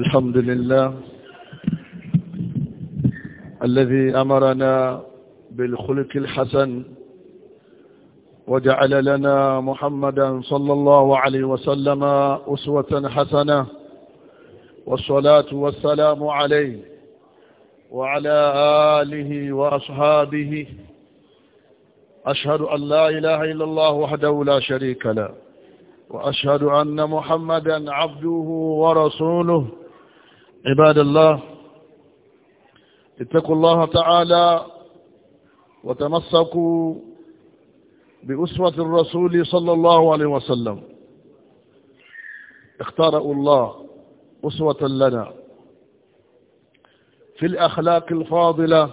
الحمد لله الذي أمرنا بالخلق الحسن وجعل لنا محمدا صلى الله عليه وسلم أسوة حسنة والصلاة والسلام عليه وعلى آله وأصحابه أشهد أن لا إله إلا الله وحده لا شريك له وأشهد أن محمدا عبده ورسوله عباد الله اتقوا الله تعالى وتمسكوا بأسوة الرسول صلى الله عليه وسلم اختاروا الله أسوة لنا في الأخلاق الفاضلة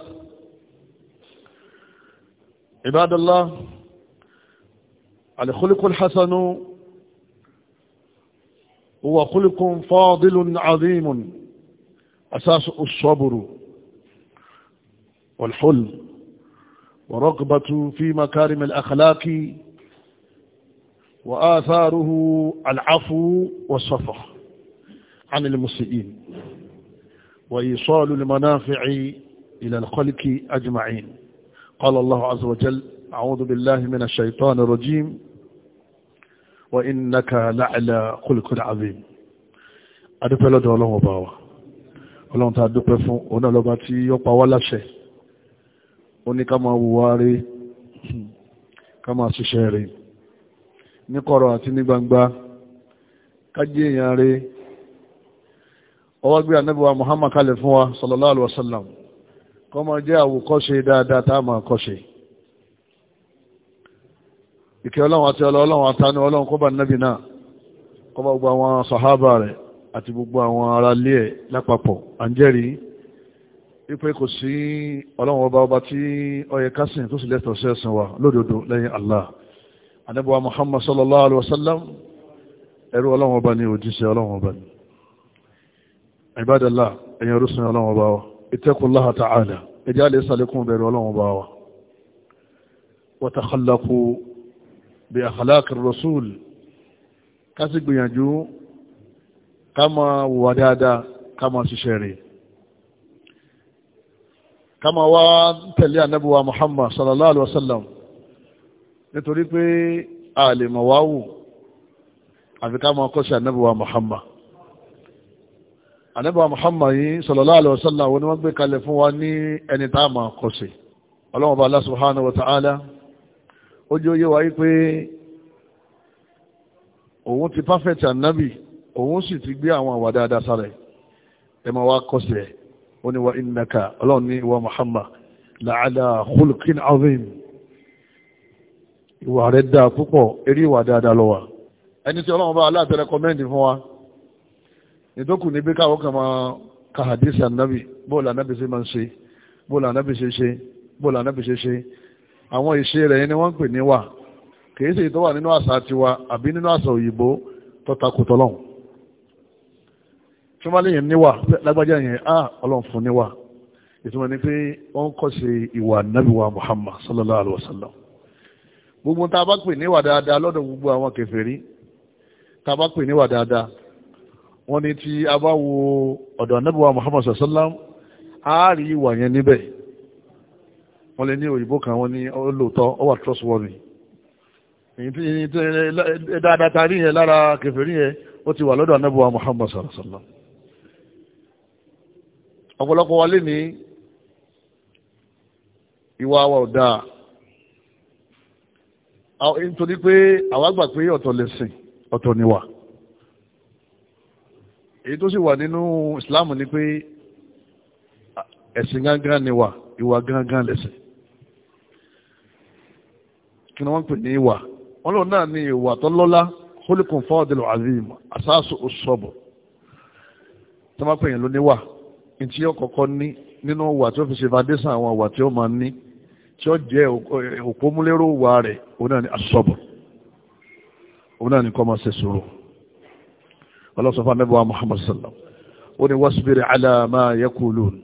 عباد الله الخلق الحسن هو خلق فاضل عظيم أساس الصبر والحلم ورغبة في مكارم الأخلاق وآثاره العفو والصفح عن المسيئين وإيصال المنافع إلى الخلق أجمعين قال الله عز وجل أعوذ بالله من الشيطان الرجيم وإنك لعلى خلق عظيم أدفل لدى وباوه ọlọ́run tá a dúpẹ́ fún òun náà lọ́ba tí ó pa wá láṣẹ ó ní ká máa wùwá rí ká máa ṣiṣẹ́ rí ní kọ̀rọ̀ àti ní gbangba ká jẹ́ èèyàn rí ọwọ́ anábíwá Muhammad kalẹ̀ fún wa sallallahu alaihi wasallam kọ́ máa jẹ́ àwòkọ́ṣe dáadáa tá a máa kọ́ṣe ìkẹ́ ọlọ́run àti ọlọ́run àtàánú ọlọ́run kó bá nábì náà kó bá gbogbo àwọn sàhábà rẹ̀ àti gbogbo àwọn ará ilé ẹ̀ lápapọ̀ à ń jẹ́rìí wípé kò sí ọlọ́run ọba ọba tí ó yẹ ká sìn tó sì lẹ́tọ̀ọ́ sí ẹ̀sìn wa lódodo lẹ́yìn Allah ànábì wa Muhammad sallallahu alaihi wasallam ẹrú ọlọ́run ọba ni òjíṣẹ́ ọlọ́run ọba ni ibadallah ẹ̀yin orúsìn ọlọ́run ọba wa ittaqullaha ta'ala ẹjẹ́ àlẹ́ sàlékún bẹ̀rù ọlọ́run ọba wa wa takhallaqu bi akhlaqir rasul ká gbìyànjú ká máa wùwà dáadáa ká máa ṣiṣẹ́ rẹ̀ ká máa wá tẹ̀lé ànábùwà Muhammad sallallahu alaihi wasallam nítorí pé a lè mọ̀ wá wù àfi ká máa kọ́sí ànábùwà Muhammad ànábùwà Muhammad yìí sallallahu alaihi wasallam wọn ni wọ́n gbé kalẹ̀ fún wa ní ẹni tá a máa kọ́sí ọlọ́wọ́n bá Allah subhanahu wa ta'ala ó jẹ́ wáyé pé òun ti perfect ànábì òun sì ti gbé àwọn àwà dáadáa sára ẹ̀ ẹ máa wá kọ́sì ẹ̀ ó ní wa innaka ọlọ́run ní ìwà Muhammad la'ala khulqin azim ìwà rẹ̀ dáa púpọ̀ eré ìwà dáadáa lọ ẹni tí ọlọ́run bá aláàtẹ rẹkọmẹ́ndì fún wa ìdókù ní káwọ́ kan máa ka hadith annabi bóòlù annabi ṣe máa ń ṣe bóòlù annabi ṣe ṣe bóòlù annabi ṣe ṣe àwọn ìṣe rẹ̀ ni wọ́n pè ní wà kìí ṣe ìtọ́wà nínú àṣà tiwa àbí nínú àṣà òyìnbó tọ́takùtọ́lọ́hùn tí wọ́n léyìn níwà lágbájá yẹn á ọlọ́run fún níwà ìtumọ̀ ni pé wọ́n kọ́ ìwà nábìwà Muhammad sallallahu alayhi wa sallam gbogbo tá a bá pè níwà dáadáa lọ́dọ̀ gbogbo àwọn kèfèrí tá a bá pè níwà dáadáa wọ́n ní tí a bá wo ọ̀dọ̀ anábìwà Muhammad sallallahu alayhi wa sallam á rí ìwà yẹn níbẹ̀ wọ́n lè ní òyìnbó kan wọ́n ní olóòótọ́ ó wà trustworthy dáadáa tá a rí yẹn lára kèfèrí yẹn ó ti wà lọ́dọ̀ anábìwà Muhammad sallallahu alayhi wa sallam ọ̀pọ̀lọpọ̀ wa lé ní ìwà wa ọ̀dà nítorí pé àwa gbà pé ọ̀tọ̀ lè sìn ọ̀tọ̀ ni wà èyí tó sì wà nínú Islam ni pé ẹ̀sìn gángan ni wà ìwà gángan lẹ̀sìn kí ni wọ́n ń pè ní ìwà wọ́n lòun náà ní ìwà tó lọ́lá holikun fọ́ọ̀dẹ̀lù azim asásù ọ̀ṣọ́bù tó máa pè yẹn lóníwà ntí yóò kọ́kọ́ ní nínú wà tí ó fi ṣe foundation àwọn wà tí ó máa ní tí ó jẹ́ òpómúlérò wà rẹ̀ òun náà ni asọ́bù òun náà ni kọ́ máa ṣe sùúrù ọlọ́sọ̀fà mẹ́bàá muhammad sallam ó ní wasbir ala ma yaqulun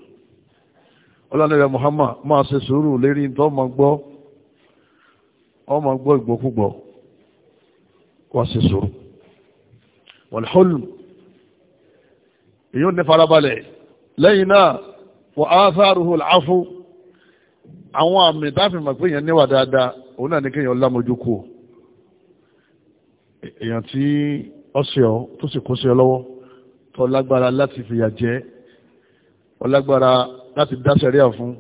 ọlọ́nàrẹ̀ muhammad máa ṣe sùúrù lérí tó máa gbọ́ ọ máa gbọ́ ìgbòkúgbọ̀ wá ṣe sùúrù èyí ò ní farabalẹ̀ lẹ́yìn náà wọ́n á sáàrùhù láàfú àwọn àmì dáfìmọ̀ pé èèyàn níwà dáadáa òun náà ní kéèyàn lámojú kú èèyàn tí ọ̀sẹ̀ ọ tó sì kó sí ọ lọ́wọ́ tó lágbára láti fìyà jẹ ọ lágbára láti dá sẹ́ríà fún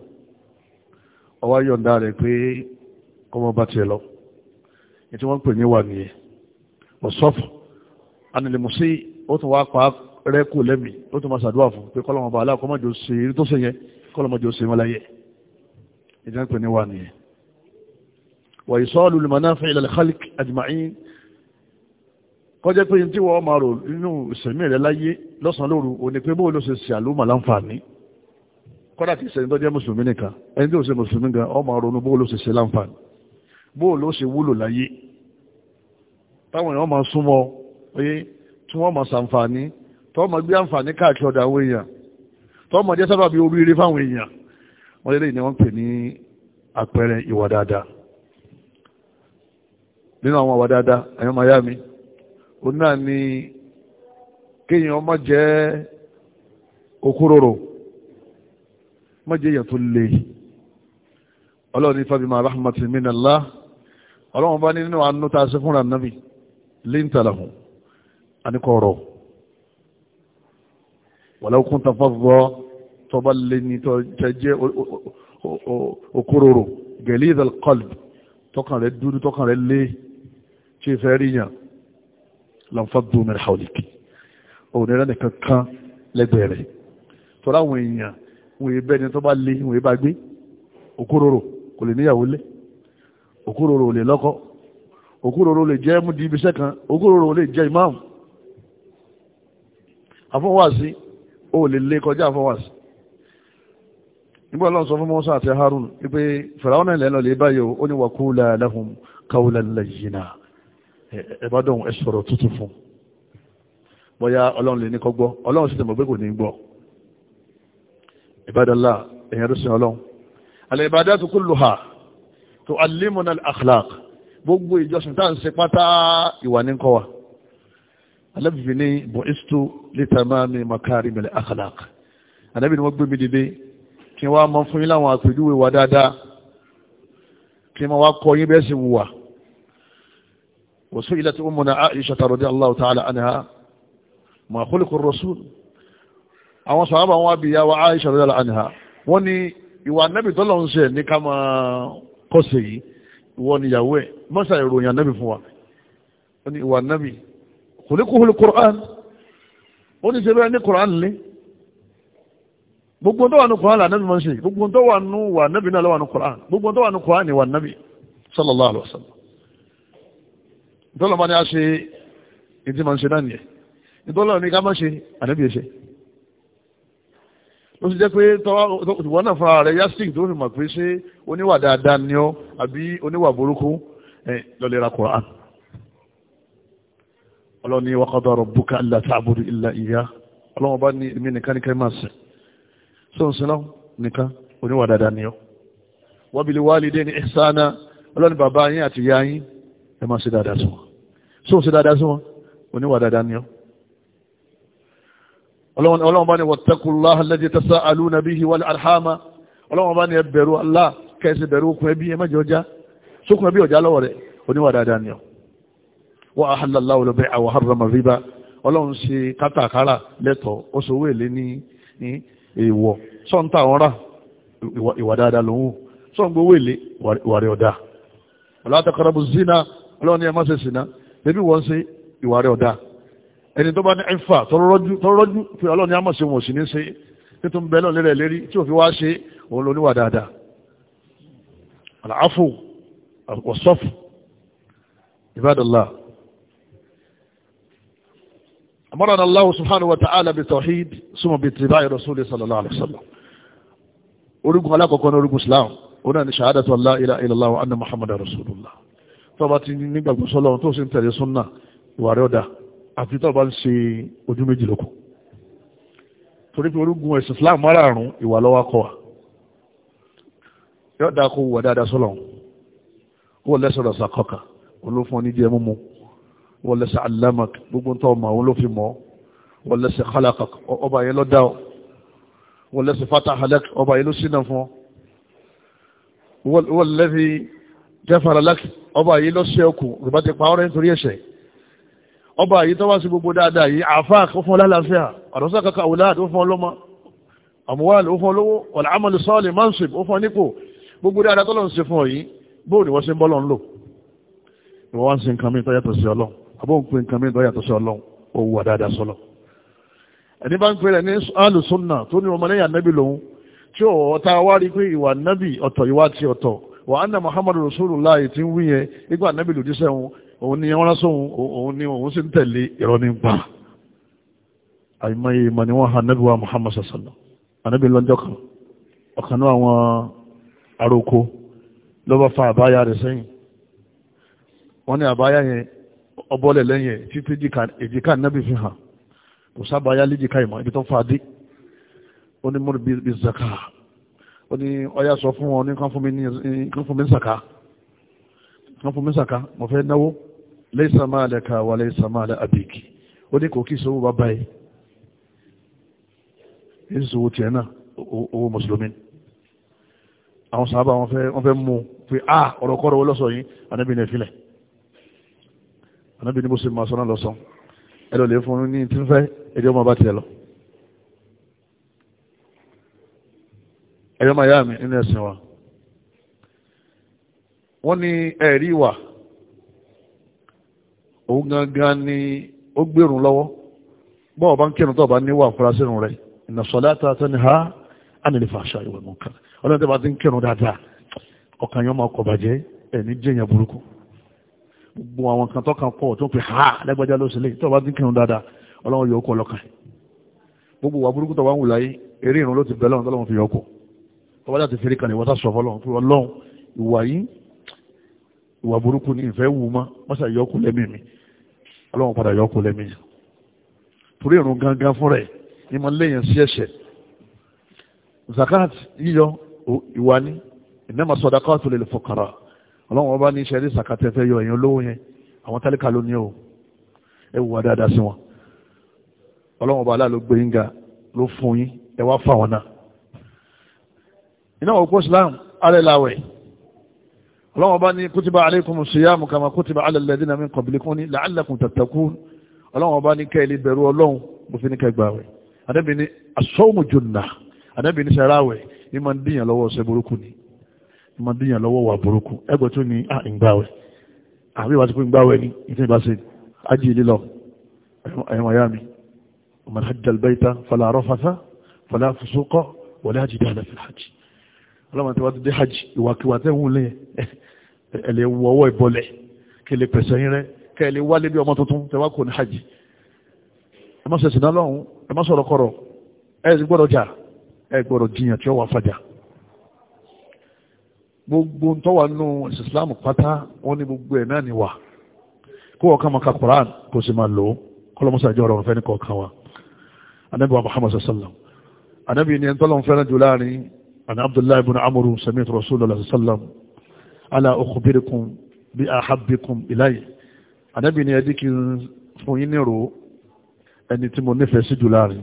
yọ̀ǹda rẹ̀ pé ọmọ bá tiẹ̀ lọ ètí wọ́n pè ní wà nìyẹn ọ̀sọ́fù anìlẹ̀mùsí ó tún wá pa á rẹ kù lẹ́mí ó tún máa ṣàdúrà fún pé kọ́lọ́mọ bá aláàkọ́ mọ́jọ ṣe eré tó ṣe yẹn kọ́lọ́mọ jọ ṣe mọ́láyẹ ìjà ń pè ní wà nìyẹn. wà ìsọ́ọ̀lù lè máa náà fẹ́ khalik ajma'in kọjá pé tí wọ́n máa rò nínú ìsẹ̀mí rẹ láyé lọ́sàn-án lóru òní pé bóun ló ṣe ṣe àlùmọ̀ láǹfààní kọ́dà kìí sẹ́yìn tó jẹ́ mùsùlùmí nìkan ẹni tí ò ṣe mùsùlùmí gan ọ máa ronú bóun ló ṣe ṣe láǹfààní bóun ló ṣe wúlò láyé táwọn èèyàn máa súnmọ́ oyé tí wọ́n máa ṣàǹfààní tọ́mọ gbé àǹfààní káàkiri ọ̀dọ̀ àwọn èèyàn tọ́mọ jẹ́ sábà bí oríire fáwọn èèyàn wọ́n lélẹ̀ ni wọ́n pè ní àpẹẹrẹ ìwà dáadáa nínú àwọn àwà dáadáa àyàn miami ó náà ni kéèyàn má jẹ́ okúròrò má jẹ́ èèyàn tó le ọlọ́run ní fabima rahmatin minallah ọlọ́run bá nínú àánú tá a ṣe fúnra nàbì linta lahum àníkọ̀ọ̀rọ̀ walau kunta fadda tó bá lè ní tó jẹ́ okòròrò galiz al-qalb tọ́kàn rẹ̀ dúdú tọ́kàn rẹ̀ lé tí fẹ́ rí yàn lanfaddu min hawlik òníra nìkan kan lẹ́gbẹ̀ẹ́ rẹ̀ tọ́lá àwọn èèyàn wọ́n yé bẹ́ni tó bá lé wọ́n yé bá gbé okòròrò kò lè níyàwó lé okòròrò lè lọ́kọ́ okòròrò lè jẹ́ mú di ibiṣẹ́ kan okòròrò lè jẹ́ imáàmù àfọwọ́sí ó lè lé kọjá four hours nígbà ọlọ́run sọ fún Mọ́sá àti Harun wípé fìràwọn náà lẹ́lọ lè báyìí ó ní wàkúlà lahum qawlan layyina ẹ̀bádọ́n ẹ sọ̀rọ̀ tútù fún bóyá ọlọ́run lè ní kó gbọ́ ọlọ́run sì tẹ̀mọ̀ pé kò ní gbọ́ alábi fi ní bu'istu li tamami makarim al akhlaq alábi ni wọ́n gbé mi dìde kí wọ́n mọ fún yín láwọn àpèjúwe wa dáadáa kí wọ́n wá kọ́ yín bẹ́ẹ̀ sì wùwà وسئلت أمنا عائشة رضي الله تعالى عنها ما خلق الرسول àwọn sàábà wọn bí yàwó Aisha rẹ̀ àníhà wọ́n ní ìwà nẹ́bì tọ́lọ̀ ń ṣe ní ká máa kọ́sẹ̀ yìí ìwọ ni ìyàwó ẹ̀ mọ́sà ìròyìn nẹ́bì fún wa wọ́n ní ìwà nẹ́bì kòlíkòhùlù kùrán ó ní ṣe bẹ́ẹ̀ ní kùrán lé gbogbo tó wà ní kùrán lànàbí mọ́ sí gbogbo tó wà ní wà nábì náà lọ́wọ́ ní kùrán gbogbo tó wà ní kùrán ni wà nábì sallallahu alaihi wasallam ìtọ́lọ́mọ́ ni a ṣe ìdí mọ́ sí náà nìyẹn ìtọ́lọ́mọ́ ni ká mọ́ ṣe ànábì ẹ̀ṣẹ́ ó sì jẹ́ pé ìwọ náà fúnra rẹ̀ yastik tó fi mọ̀ pé ṣé oníwà dáadáa ni ọ́ àbí oníwà burúkú lọ́lẹ́ra kùrán ọlọ́ni waqada rabbuka alla ta'budu illa iyyah ọlọ́wọ́n bá ní èmi nìkan nìkan máa sìn sọ sinọ́ nìkan oníwà dáadáa ni ọ́ wa bil walidayni ihsana ọlọ́ni bàbá yín àti ìyá yín ẹ máa ṣe dáadáa sí wọn sọ ṣe dáadáa sí wọn oníwà dáadáa ni ọ́ ọlọ́wọ́n bá ní wattaqullaha alladhi tasa'aluna bihi wal arhama ọlọ́wọ́n bá wa ahalla Allahu al-bay'a wa harrama riba ọlọ́run ṣe katakara lẹ́tọ̀ọ́ ó ṣe owó èlé ní èèwọ̀ sọ́ńtà àwọn rà ìwà dáadáa lòun sọ́ńgbó owó èlé ìwàrẹ̀ ọ̀dà zina ọlọ́run ní ẹ má ṣe sìnà bébí wọ́n ṣe ìwàrẹ̀ ọ̀dà ẹni tó bá ní ẹ̀fà tọrọ́rọ́jú pé ọlọ́run a má ṣe wọn ò sì ní ṣe ń bẹ lérí tí òfin wá ṣe òun أمرنا الله سبحانه وتعالى بالتوحيد ثم باتباع رسوله صلى الله عليه وسلم orúkọ alákọ̀ọ́kọ́ ní orúkọ islam oná ni ṣàádàtù Allah ilá ilẹ̀lá wa anna muhammadar rasulullah tó bá ti nígbàgbọ́ sọ́lọ́run tó sì ń tẹ̀lé súnnà ìwà rẹ̀ ọ̀dá àti tó bá ń ṣe ojú méjì lókù torí pé orúkọ ẹ̀sìn islam márààrún ìwà lọ́wọ́ kọ́ wa yóò dáa kó wà dáadáa sọ́lọ́run kó lẹ́sọ̀rọ̀ sàkọ́kà olófún ọ ní jẹ́ múmu wọlẹ́sẹ̀ alamak gbogbo tó ọmọ àwọn ló fi mọ́ wọlẹ́sẹ̀ khalakak ọba yẹn ló dá ọ wọlẹ́sẹ̀ fatahalak ọba yẹn ló sínà fún ọ wọlẹ́sẹ̀ jẹ́faralak ọba yẹn ló ṣe ọkù rìbá ti pa ọ́rẹ́ nítorí ẹ̀ṣẹ̀ ọba yìí tó wá sí gbogbo dáadáa yìí àfáà ó fún lálàáfíà àdọ́sà kaka àwòláàdì ó fún ọlọ́mọ àmúwàlì ó fún olówó ọ̀làmọ̀lì sọ́ọ̀lì mansip ó fún nípò gbogbo dáadáa tọ́lọ̀ ń ṣe fún ọ yìí bóò wọ́n ṣe ń bọ́lọ̀ ń lò ìwọ́n wá ń ṣe nǹkan mi tó yàtọ̀ ọlọ́run àbọ̀ ń pè nǹkan mi lọ́yà tó sọ ọlọ́run ó wù àdáadáa sọlọ. ẹni bá ń pè rẹ̀ ní alùsùnà tó ní ọmọlẹ́yà nẹ́bì lòun tí ó wá rí pé ìwà nẹ́bì ọ̀tọ̀ ìwà ti ọ̀tọ̀ wà á nà muhammadu rasulullah ti ń wí yẹn nígbà nẹ́bì lòdì sẹ́wọ̀n òun ni wọ́n rásọ̀ òun ni òun sì ń tẹ̀lé ìrọ́ ní pa. àìmọye ìmọ̀ ni ha nẹ́bì wa muhammadu sasana ànẹ́bì lọ́jọ́ kan ọ̀kan náà àwọn aróko ló fa àbáyá rẹ̀ sẹ́yìn wọ́n ní àbáyá yẹn ọbọ̀lẹ̀ lẹ́yìn títí èjìká nábì fi hàn kò sábà yá léjìká ìmọ̀ ibi tó fà dé ó ní múrù bí zaka ó ní ọyá sọ fún wọn ní kán fún mi zaka kán fún mi zaka mo fẹ́ náwó laysa malaka wa laysa mala abiki ó ní kò kí sówó bàbá yìí èyí sówó tiẹ̀ náà owó mùsùlùmí àwọn sábà wọn fẹ́ mú pé a ah, ọ̀rọ̀kọ́rọ̀ wọ́n lọ́sọ̀ yìí ànábì ní ìfilẹ̀ ànábì ní bó ṣe máa sọ́nà lọ́sàn ẹ lọ lè fún un ní tí ń fẹ́ ẹjọ́ máa bá tiẹ̀ lọ. ẹ̀yọ́ máa yá mi nínú ẹ̀sìn wa wọ́n ní ẹ̀rí wà òun gangan ni ó gbèrún lọ́wọ́ bọ́ọ̀ bá ń kírun tó bá níwà afurasí rùn rẹ̀ inna salata tanha anil fahsha'i wal munkar ọlọ́run tó bá ti ń kírun dáadáa ọkàn yẹn máa kọ̀ bàjẹ́ ẹ̀ ní jẹ́yàn burúkú gbogbo àwọn kan tọ́kàn pọ̀ tó ń pè ha lágbájá ló sílẹ̀ tó bá ti kírun dáadáa ọlọ́run yọ ọkọ̀ ọlọ́kàn gbogbo wà burúkú tó wà ń wù láyé eré ìrún ló ti bẹ̀ lọ́run tọ́lọ́run fi yọ ọkọ̀ tó bá láti fèrè kalẹ̀ wọ́tá sọ fọlọ́run pé ọlọ́run ìwà yìí ìwà burúkú ni ìfẹ́ wù mọ́ mọ́sà yọ ọkọ̀ lẹ́mí mi ọlọ́run padà yọ ọkọ̀ ọlọ́run ọba ní iṣẹ́ rí sàkàtẹ́ fẹ́ yọ èèyàn lówó yẹn àwọn tálíkà ló ní o ẹ wùwà dáadáa sí wọn ọlọ́run ọba aláàlú gbé yín ga ló fún yín ẹ wá fà wọn náà iná òkú islam alẹ́ làwẹ̀ ọlọ́run ọba ní kútìbà alaykum siyamu kama kútìbà ala alladhina min qablikum ní la'allakum tattaqun ọlọ́run ọba ní kẹ́ẹ̀lì bẹ̀rù ọlọ́run bó fi ní kẹgbà wẹ̀ adẹ́bìnrin asọ́mùjọ́nà adẹ́bìnrin ìmọ̀díyàn lọ́wọ́ wà burúkú ẹgbẹ̀ tó ní à ah, ìgbàwẹ̀ àbí ìbá ti fún ìgbàwẹ̀ ní ìfẹ́ ìbá ṣe ájì lílọ ẹ̀yìn wáyá mi man hajja albayta fala rafatha fala fusuqa wala jidala fil hajj ọlọ́mọdé wá dé hajj ìwàkiwà tẹ́wọ̀n lé ẹ̀lẹ́ wọ́wọ́ ìbọlẹ̀ kí lè pẹ̀sẹ̀ yín rẹ kẹ́ lè wálé bí ọmọ tuntun tẹ́wà kò ní hajj ẹ má gbogbo ń tọ́wà nínú ìsìsìláàmù pátá wọ́n ní gbogbo ẹ̀ náà ni wà kó ọ̀kan maka Qur'an kò sì máa lò ó kọlọmọsá ìjọ ọ̀rọ̀ ọ̀fẹ́ ní kọ̀ọ̀kan wa anábì wa Muhammad sallam anábì ni ẹni tọ́lọ́n fẹ́ràn jù láàrin ana Abdullahi ibn Amru sami'tu Rasulullah sallam ala ukhbirukum bi ahabbikum ilayya anábì ni ẹdí kí n fún yín nírò ẹni tí mo nífẹ̀ẹ́ sí jù láàrin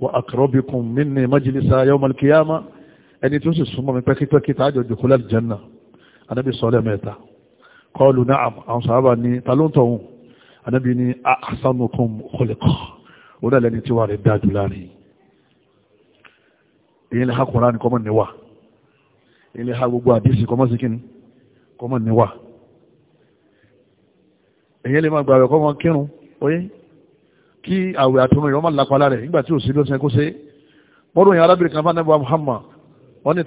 wa aqrabikum minni majlisa yawm al-qiyamah ẹni tó sì súnmọ́ mi pẹ́kípẹ́kí tá àjọ jòkó láti jẹ́nà anábì sọ lẹ́mẹ̀ẹ́ta kọlu na'am àwọn sàábà ní ta ló ń tọ̀hún anábì ní ahsanukum khuliqa òun náà lẹ́ni tí wà rẹ̀ dájú láàrin èyí lè ha Kùránì kọ́mọ̀ níwà èyí lè ha gbogbo àdísì kọ́mọ̀ sí kíni kọ́mọ̀ níwà èyí wọ́n ní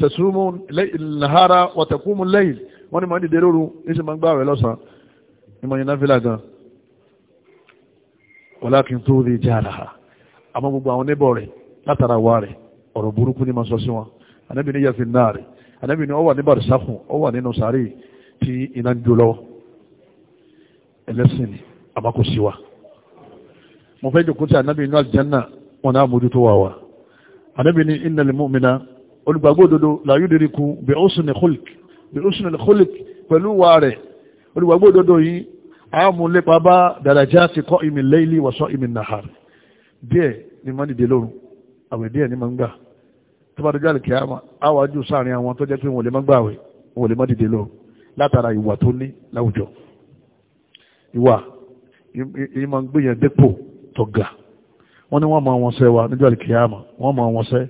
tẹ̀sùmù nàhárà wọ̀tẹ̀kùmù lẹ́yìn wọ́n ní mọ̀ ní dèrò oru ní sì máa ń gbà rẹ̀ lọ́sàn ní mọ̀ ní náfìlà gan wọ́lákin tó rí jẹ́ àlàhà àmọ́ gbogbo àwọn níbọ̀ rẹ̀ látara wà rẹ̀ ọ̀rọ̀ burúkú ní ma sọ sí wọn anábì ní yàfi náà rẹ̀ anábì ní ó wà ní barisakun ó wà nínú sàárè tí iná ń jó lọ́wọ́ ẹlẹ́sìn mo fẹ́ jòkó tí anábì inú wọn náà mójútó wà wá ànábì ní innal mu'mina olùgbàgbọ́ òdodo la yudriku bi husni khuluq bi husni khuluq pẹ̀lú wa rẹ̀ olùgbàgbọ́ òdodo yìí àmúlépa bá darajati qa'imi layli wa sa'imi nahar díẹ̀ ni máa dìde lóru àwẹ̀ díẹ̀ ni máa ń gbà tó bá dojú àlùkè àmà àwájú sáàrin àwọn tó jẹ́ pé wọn ò lè má gbàwẹ̀ wọn ò lè má dìde lóru látara ìwà tó ní láwùjọ ìwà ìmọ̀ gbìyànjú dépò tọ̀gà wọ́n ní wọ́n mọ wọn sẹ́ wa níjọ́ àlìkìyàmà wọ́n mọ wọn sẹ́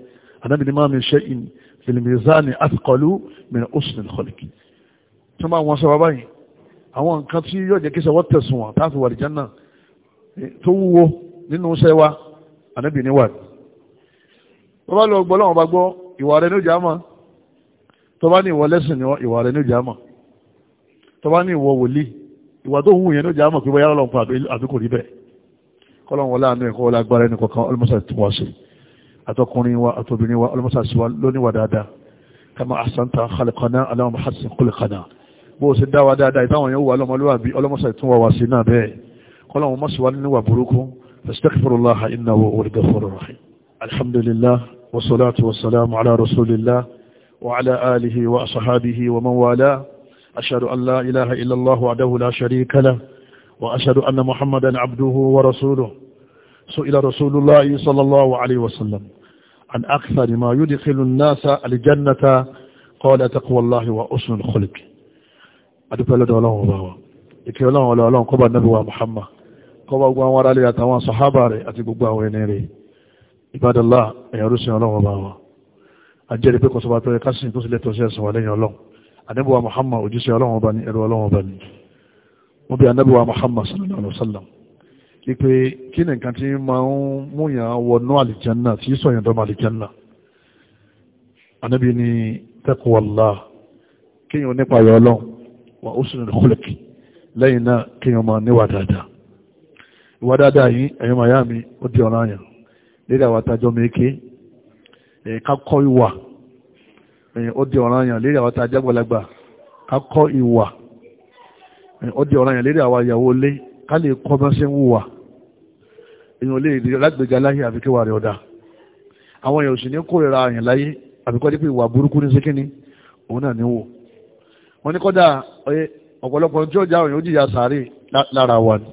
ànábì ní máa mi ṣe in filimizani atikọlu min usun kọliki tí wọ́n bá wọn sẹ́ wa báyìí àwọn nǹkan tí yóò jẹ́ kí sẹ́wọ́ tẹ̀sùn wọn táàfi wà lìjẹ́ náà eh, tó wúwo nínú sẹ́ wa ànábì ní wà ní. wọ́n bá lọ gbọ́ lọ́wọ́n bá gbọ́ ìwà rẹ̀ ní ìjà tó bá ní ìwọ lẹ́sìn ìwà rẹ̀ ní ìjà tó bá ní ìwọ wòlíì ìwà kọ́lọ́n wọlé àánú ẹ̀kọ́ wọlé agbára ẹni kọ̀ọ̀kan ọlọ́mọsà ti wá sí àtọkùnrin wa àtobìnrin wa ọlọ́mọsà sí wa lóníwà dáadáa kama ahsanta khalqana aláwọ̀ mahasin kulqana bó o sì dá wa dáadáa ìtàwọn yóò wà lọ́mọlúwàbí ọlọ́mọsà tún wà wá sí náà bẹ́ẹ̀ kọ́lọ́n wọn mọ̀sí wa níwà burúkú astaghfirullah innahu huwal ghafurur rahim alhamdulillah wasalatu wasalamu ala rasulillah wa ala alihi wa ashabihi wa man wala ashhadu an la ilaha illa allah wahdahu la sharika lahu وأشهد أن محمدا عبده ورسوله سئل رسول الله صلى الله عليه وسلم عن أكثر ما يدخل الناس الجنة قال تقوى الله وأسن الخلق أدب الله دوله وباوا إكي الله ولا الله قبى النبي محمد قبى قوان ورالي أتوان صحابة أتي قبى وينيري عباد الله يا رسول الله وباوا أجري بكم سبحانه وتعالى كسر تسلي توسيس ولين الله النبي محمد وجيسي الله وبني إلو الله وبني wọ́n bí anábì wa Muhammad sallallahu alaihi wa sallam ipe kí ni nǹkan tí máa ń múyàn wọnú àlìjánná tí sọ̀yàn dọ́mọ àlìjánná anábì ni taqwallah kíyàn nípa ayọ̀ ọlọ́run wa husnul khuluq lẹ́yìn náà kíyàn máa níwà dáadáa ìwà dáadáa yìí ẹ̀yọ́ màá yá mi ó di ọ̀ràn àyàn lédè àwọn àtàjọ́ mèké ká kọ́ ìwà ó di ọ̀ràn àyàn lédè àwọn àtàjọ́ gbọ́lagbà ká kọ́ ìwà ó di ọ̀ranyàn lérí àwa ìyàwó lé ká lè kọ́ bá ṣe ń wùwà èèyàn lè rí lágbègbè aláyé àfikẹ́wà rẹ̀ ọ̀dà àwọn èèyàn sì ní kórìíra àyàn láyé àfikọ́ dípò ìwà burúkú ní síkíní òun náà ní wò wọ́n ní kọ́dà ọ̀pọ̀lọpọ̀ tí ó já òyìn ó jìyà sàárè lára wa ni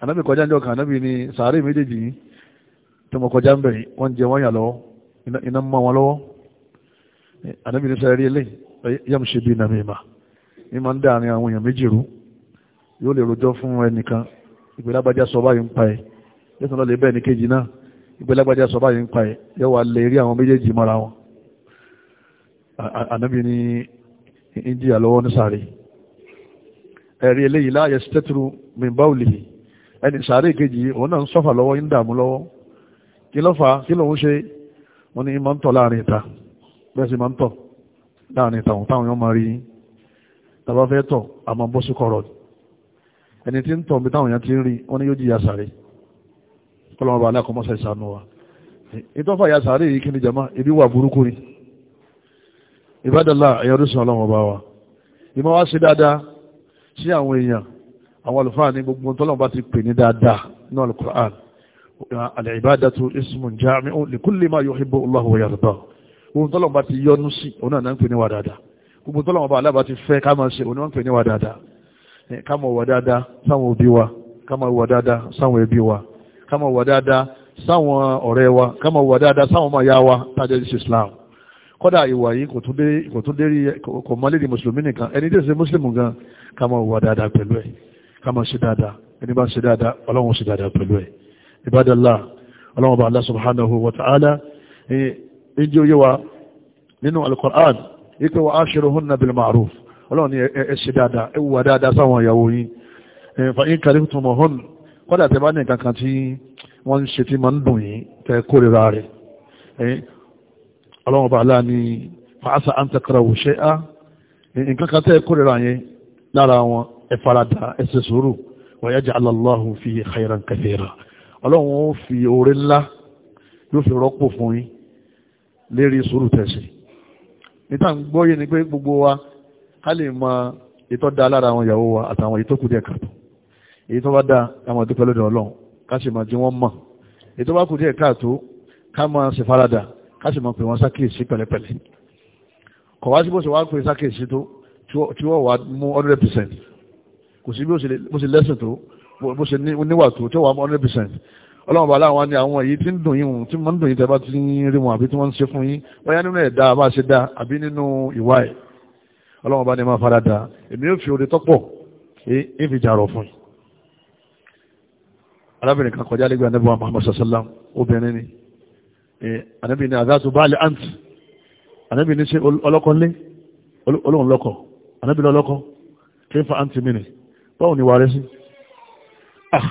ànábì kọjá ń jọkàn ànábì ni sàárè méjèèjì yìí tó mọ kọjá ń bẹ̀ wọ́n jẹ wọ́n yà lọ́wọ́ iná mọ́ wọn lọ́wọ́ ànábì ní sẹ́rí eléyìí yẹ́mu ṣe bí nàmì ìmà ní máa ń dáàrin àwọn èèyàn méjì rú yóò lè rojọ́ fún ẹnìkan ìgbélágbájá sọ báyìí ń pa ẹ̀ yóò tún lọ lè bẹ́ẹ̀ ní kejì náà ìgbélágbájá sọ báyìí ń pa ẹ̀ yóò wà lè rí àwọn méjèèjì mọ́ra wọn ànábì ní india lọ́wọ́ ní sàárè ẹ̀rí eléyìí láàyè stẹ́tùrù mìbáwùlì ẹni sàárè kejì òun náà ń sọ́fà lọ́wọ́ ń dààmú lọ́wọ́ kí ló fà á kí lòun ṣe wọn ni máa ń tọ̀ láàrin ìta bẹ́ẹ̀ sì máa ń tọ̀ láàrin ìta tàbá fẹ́ tọ̀ àmọ́ bọ́ sí kọ̀rọ̀ ẹni tí ń tọ̀ bí táwọn èèyàn ti ń rí wọn ni yóò jìyà sáré kọ́lọ́mọ bá aláàkọ́ mọ́sá ìsànú wa ìtọ́fà ìyà sáré yìí kí ni jama ibi wà burúkú ni ìbádọ́lá ẹ̀yọrúsùn ọlọ́mọ bá wa ìmọ̀ wá sí dáadáa sí àwọn èèyàn àwọn àlùfáà ní gbogbo tọ́lọ́mọ bá ti pè ní dáadáa ní alukur'an al-ibadatu ismun jami'un li kulli Allahu wa yarda ohun tọ́lọ́mọ bá ti yọ́nú sí òun náà ń pè ní wa dáadáa gbogbo tó lọ́wọ́ bá aláàbá ti fẹ́ ká máa ṣe òní wọ́n ń pè ní wà dáadáa eh, ká máa wà dáadáa sáwọn òbí wa ká máa wà dáadáa sáwọn ẹbí wa ká máa wà dáadáa sáwọn ọ̀rẹ́ wa ká máa wà dáadáa sáwọn ọmọ ìyá wa tájẹ́ ṣe Islam kódà ìwà yìí kò tún dérí kò mọ́lẹ́dì mùsùlùmí nìkan ẹni tí ó ṣe mùsùlùmí gan ká máa wà dáadáa pẹ̀lú ẹ̀ ká máa ṣe dáadáa ẹni bá ṣe dáadáa ọlọ́run ṣe dáadáa pẹ̀lú ẹ̀ ìbádọ́lá ọlọ́run bá Allah subhanahu wa ta'ala eh, ẹjọ́ yẹ wa nínú al-Qur'an ipe wa ashiruhunna bil ma'ruf ọlọ́run ni ẹ ṣe dáadáa ẹ wùwà dáadáa sáwọn ìyàwó yín fa in karihtumuhun kọ́dà tẹ bá ní nǹkan kan tí wọ́n ń ṣe tí máa ń dùn yín tẹ kórìíra rẹ̀ ọlọ́run bá aláà ní fa asa an takrahu shay'a nǹkan kan tẹ kórìíra yẹn lára wọn ẹ farada ẹ ṣe sùúrù wa yaj'al Allahu fihi khayran kathira ọlọ́run fi oore ńlá yóò fi rọ́pò fún yín lérí sùúrù tẹ̀sí níta ń gbọ́ yìí ni pé gbogbo wa ká lè mọ ètò da lára àwọn ìyàwó wa àtàwọn èyí tó kù díẹ̀ káàtó èyí tó bá da àwọn ìdúpẹ́ lọ́dọ̀ ọlọ́run ká sì máa jí wọ́n mọ̀ èyí tó bá kù díẹ̀ káàtó ká máa ṣe farada ká sì máa pè wọ́n sákèèsí pẹ̀lẹ́pẹ̀lẹ́ kọ̀ wá sí bó ṣe wá pè sákèèsí tó tí wọ́n wá mú 100% kò sí bó ṣe lẹ́sìn tó bó ṣe níwà tó tí wọ́n wá mú 100% ọlọ́run bàálà wọn ni àwọn èyí tí ń dùn yín tí wọ́n ń dùn yín tẹ́bá ti ń rí wọn àbí tí wọ́n ń ṣe fún yín bóyá nínú ẹ̀dá bá ṣe dá àbí nínú ìwà ẹ̀ ọlọ́run bá ní máa fara dà èmi yóò fi oore tọ́pọ̀ ẹ fi jàrọ̀ fún yín. arábìnrin kan kọjá lẹ́gbẹ̀ẹ́ anábì wa Muhammad sallam obìnrin ni anábì ni adáàtú báàlì àǹtí anábì ni ṣe ọlọ́kọ lé olóhùn lọ́kọ anábì ni ọlọ́kọ kí n fa àǹtí mi ni báwo ni wàá rẹ sí. Ah,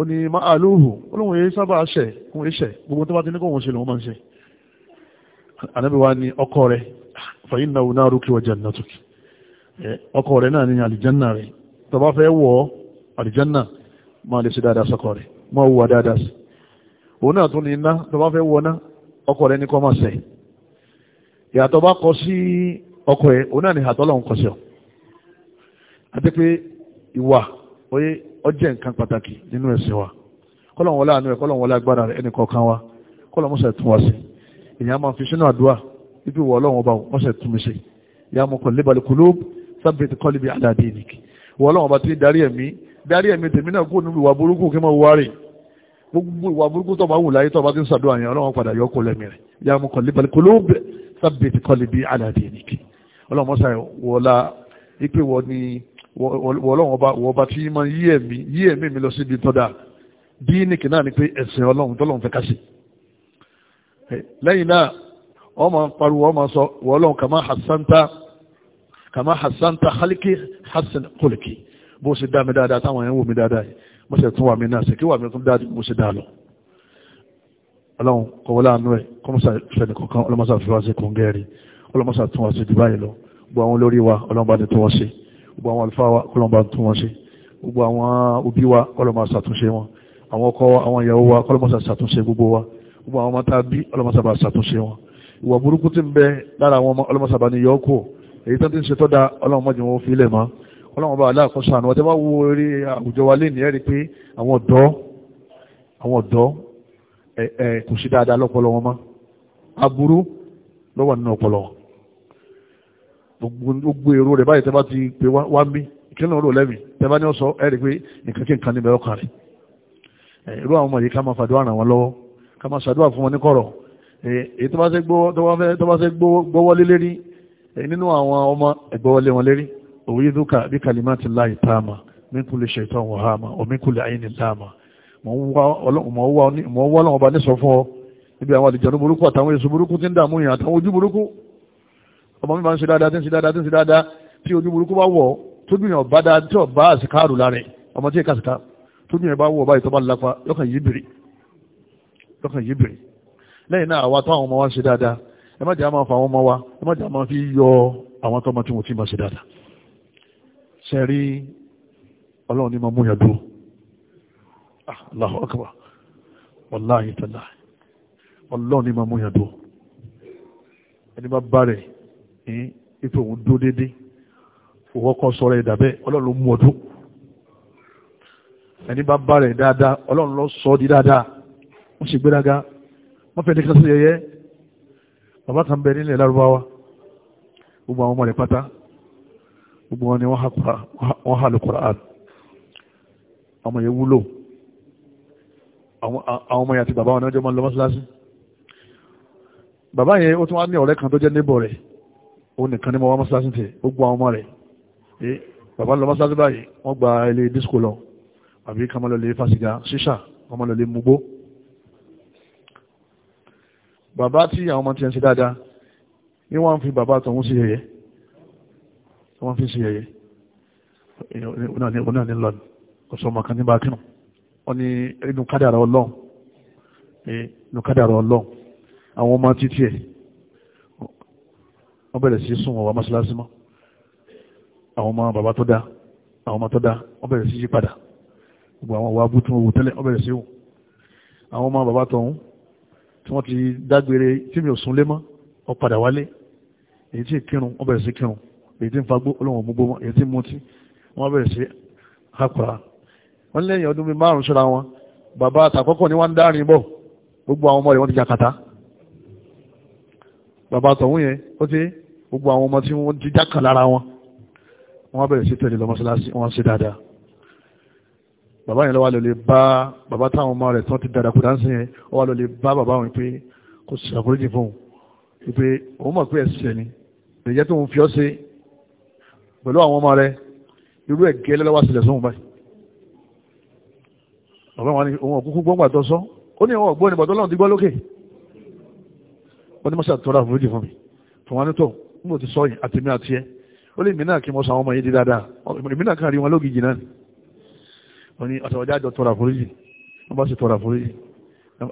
ó ní ma'aluhu olóhùn èyí sábà ṣẹ̀ kún iṣẹ́ gbogbo tó bá ti ní kóhun ṣe lòun máa ń ṣe anábì ni ọkọ rẹ̀ fàyín náà náà rúkì wa jannatuki ọkọ rẹ̀ náà ni àlìjánà rẹ̀ tó bá fẹ́ wọ̀ àlìjánà máa lè ṣe dáadáa sọ́kọ rẹ̀ máa wùwà dáadáa sí òun náà tún ní iná tó bá fẹ́ ó jẹ́ nǹkan pàtàkì nínú ẹ̀sìn wa kọ́lọ̀ wọlé àánú ẹ̀ kọ́lọ̀ wọlé agbára rẹ̀ ẹnì kọ̀ọ̀kan wa kọ́lọ̀ mọ́sẹ̀ tún wa sí èyàn máa fi sínú àdúrà ibi wọ ọlọ́run ọba mọ́sẹ̀ tún mi sí ìyá mo kàn lébàlẹ̀ kulub sábẹ̀tì kọ́lé bí adáde nìkì wọ ọlọ́run ọba ti darí ẹ̀mí darí ẹ̀mí tèmi náà kó nínú ìwà burúkú kí n máa wárì gbogbo ìwà burúkú tó bá wù láyé tó bá ti ń sàdúrà yẹn ọlọ́run padà yọ kó lẹ́mí rẹ̀ ìyá mo kàn lébàlẹ̀ kulub sábẹ̀tì kọ́lé bí adáde nìkì ọlọ́run mọ́sẹ̀ wọlá ipe wọ ni wọ́lọ́wọ́ ọba wọ́ba tí ma yí ẹ̀mí yí ẹ̀mí mi lọ síbi tọ́da díníkì náà ni pé ẹ̀sìn ọlọ́run tọ́lọ́run fẹ́ ká sí lẹ́yìn náà ọmọ pariwo ọmọ sọ wọ́lọ́run kàmá hasanta kàmá hasanta haliki hasan koliki bó ṣe dá mi dáadáa táwọn ẹ̀yìn wò mí dáadáa yìí mo ṣe tún wà mí náà ṣe kí wà mí tún dáadáa mo ṣe dáa lọ ọlọ́run kọ̀wọ́ láàánú ẹ̀ kọ́mọ́sà fẹ́ni kọ̀ọ̀kan ọlọ́mọ́sà dubai lọ gbọ́ àwọn olórí wa gbogbo àwọn àlùfáà wa kọ́lọ́mbà tún wọn ṣe gbogbo àwọn òbí wa kọ́lọ́mbà ṣàtúnṣe wọn àwọn ọkọ wa àwọn ìyàwó wa kọ́lọ́mbà ṣàtúnṣe gbogbo wa gbogbo àwọn ọmọ tá a bí ọlọ́mọṣàbà ṣàtúnṣe wọn ìwà burúkú ti ń bẹ lára àwọn ọmọ ọlọ́mọṣàbà ní yọ èyí tó ti ń ṣe tọ́ da ọlọ́run mọ́jú wọn fi ilẹ̀ mọ́ ọlọ́run bá aláàkóso àná ọtẹ́ bá wo orí àwùjọ wa léèní ẹ̀rí pé àwọn ọ̀dọ́ àwọn ọ̀dọ́ ẹ̀ ẹ̀ kò sí dáadáa lọ́pọlọ wọn mọ́ aburú lọ́wọ́ nínú ọpọlọ wọn gbogbo èrò rẹ̀ báyìí tẹ́bá ti pè wá mí ìkílẹ̀ rò lẹ́mí tẹ́bá ní ọ̀sọ́ ẹ̀rì pé nǹkan kí nǹkan níbẹ̀ ọkàn rẹ̀ irú àwọn ọmọ yìí ká máa fàdúrà ràn wọ́n lọ́wọ́ ká máa ṣàdúrà fún wọn ní kọ̀rọ̀ èyí tó bá ṣe gbọ́wọ́lé lérí nínú àwọn ọmọ ẹgbọ́wọ́lé wọn lérí òwe yìí dúkà bí kàlímà ti láì táàmà min kulli shaitan wa hama wa min kulli ayni láàmà mọ̀ ń wá ọlọ́run ọba ní sọ fún ọ níbi àwọn àlìjọ́nú burúkú àtàwọn èso burúkú ti ń dààmú yàn àtàwọn ojú burúkú ọmọ mi máa ń ṣe dáadáa tí ń ṣe dáadáa tí ń ṣe dáadáa tí ojú burúkú bá wọ̀ tójú yẹn ọba dáa tí ọba àsìkáàrù lára ọmọ tí èka àsìká tójú yẹn bá wọ̀ báyìí tó bá lápá yọkàn yìí bìrì yọkàn yìí bìrì lẹ́yìn náà àwa tó àwọn ọmọ wa ń ṣe dáadáa ẹ má jẹ́ àwọn afọ àwọn ọmọ wa ẹ má jẹ́ àwọn fi yọ àwọn tó ma tí mo ti ma ṣe dáadáa ṣe rí ọlọ́run ní ma ah, mú yàn dúró ẹni bá bá rẹ̀ ife òun dó dédé òwò kan sọ̀rọ̀ ẹ̀dà bẹ́ẹ̀ ọlọ́run ló mú ọdún ẹni bá bá rẹ̀ dáadáa ọlọ́run ló sọ di dáadáa wọ́n sì gbéraga wọ́n fẹ́ẹ́ nìkan sí yẹyẹ bàbá kan bẹ nílẹ̀ lárúbáwá gbogbo àwọn ọmọ rẹ̀ pátá gbogbo wọn ni wọ́n hà lùkọ̀rọ̀ àd ọmọ yẹn wúlò àwọn ọmọ yẹn àti bàbá wọn ni wọ́n jọ máa ń lọ mọ́ṣáláṣí bàbá yẹn ó tún wá ní ọ̀rẹ́ kan tó jẹ́ níbọ̀ rẹ̀ òun nìkan ní mọ́ wá mọ́sálásí tẹ̀ ó gbọ́ àwọn ọmọ rẹ̀ ẹ bàbá lọ mọ́sálásí báyìí wọ́n gba ilé disco lọ àbí ká máa lọ lè fásigá ṣíṣà wọ́n máa lọ lè mugbó bàbá tí àwọn ọmọ ti ń ṣe dáadáa ní wọ́n fi bàbá tọ̀hún sí yẹyẹ wọ́n fi sí yẹyẹ onáà ní lọ́nà ọ̀sọ̀ ọmọ ní bá wọ́n ní inú kádàrà ọlọ́run inú kádàrà ọlọ́run àwọn ọmọ títí wọ́n bẹ̀rẹ̀ sí sún ọwọ́ mọ́ṣáláṣí mọ́ àwọn ọmọ bàbá tó dá àwọn ọmọ tó dá wọ́n bẹ̀rẹ̀ sí yípadà gbogbo àwọn ọwọ́ abútún owó tẹ́lẹ̀ wọ́n bẹ̀rẹ̀ sí wù àwọn ọmọ bàbá tọ̀hún tí wọ́n ti dágbére tí mi ò sún lé mọ́ ọ padà wálé èyí tí kírun wọ́n bẹ̀rẹ̀ sí kírun èyí tí ń fagbó olóhùn gbogbo mọ́ èyí tí mutí wọ́n bẹ̀rẹ̀ sí hakura wọ́n lẹ́yìn ọdún mi márùn-ún ṣọ́ra wọn bàbá àtàkọ́kọ́ ni wọ́n ń dárin bọ̀ gbogbo àwọn ọmọ rẹ̀ wọ́n ti jàkàtà bàbá tọ̀hún yẹn ó ti gbogbo àwọn ọmọ tí wọ́n ti jákàn lára wọn wọ́n bẹ̀rẹ̀ sí tẹ̀lé lọ́mọ́sálásí wọ́n ṣe dáadáa bàbá yẹn lọ́wọ́ lọ lè bá bàbá táwọn ọmọ rẹ̀ tán ti dàdà kó dáńsì yẹn ó wà lọ lè bá bàbá wọn pé kò sì ṣàforíjì fún un pé òun mọ̀ pé ẹ̀ṣẹ̀ ni ìrẹ̀jẹ̀ tó ń fi ọ́ ṣe pẹ̀lú àwọn ọmọ rẹ̀ irú ẹ̀ gẹ́lẹ́ lọ́wọ́ sílẹ̀ sóhun báyìí bàbá wọn ni òun ọ̀kúnkún gbọ́ngbà tó sọ ó ní wọ́n ní mọ́sá tọrọ àforíjì fún mi fún wọn nítọ̀ níbo ti sọ àtẹ̀mí àti ẹ ó lè mìíràn kí mo sọ àwọn ọmọ yìí di dáadáa mìíràn kan rí wọn lógìjì náà wọ́n ní àtàwọ̀dá àjọ tọrọ àforíjì wọ́n bá sì tọrọ àforíjì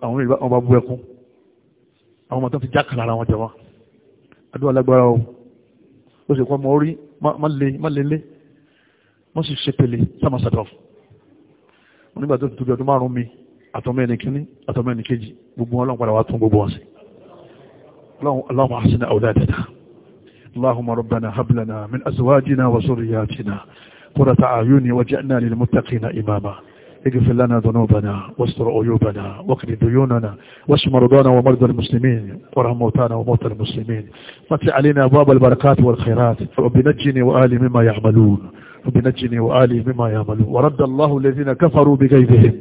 àwọn ìgbà wọn bá bú ẹkún àwọn ọmọ tó ti jákàlà ara wọn jẹ wọn adúlá lágbára o ó sì kọ́ ọmọ orí má lélé wọ́n sì ṣe pèlè sámasàtọ̀ اللهم احسن اولادنا اللهم ربنا هب لنا من ازواجنا وذرياتنا قرة اعين وجعلنا للمتقين اماما اغفر لنا ذنوبنا واستر عيوبنا واقض ديوننا واشف مرضانا ومرضى المسلمين وارحم موتانا وموتى المسلمين فتح علينا ابواب البركات والخيرات وبنجني نجني مما يعملون وبنجني نجني مما يعملون ورد الله الذين كفروا بغيظهم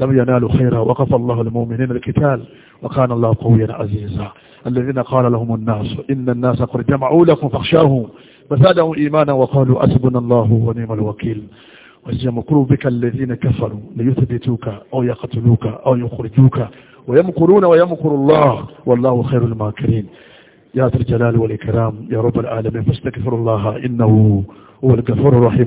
لم ينالوا خيرا وقف الله المؤمنين القتال وكان الله قويا عزيزا الذين قال لهم الناس ان الناس قد جمعوا لكم فاخشاهم فزادهم ايمانا وقالوا حسبنا الله ونعم الوكيل ويمكر بك الذين كفروا ليثبتوك أو يقتلوك أو يخرجوك ويمكرون ويمكر الله والله خير الماكرين يا ذا الجلال والإكرام يا رب العالمين فاستغفر الله إنه هو الغفور الرحيم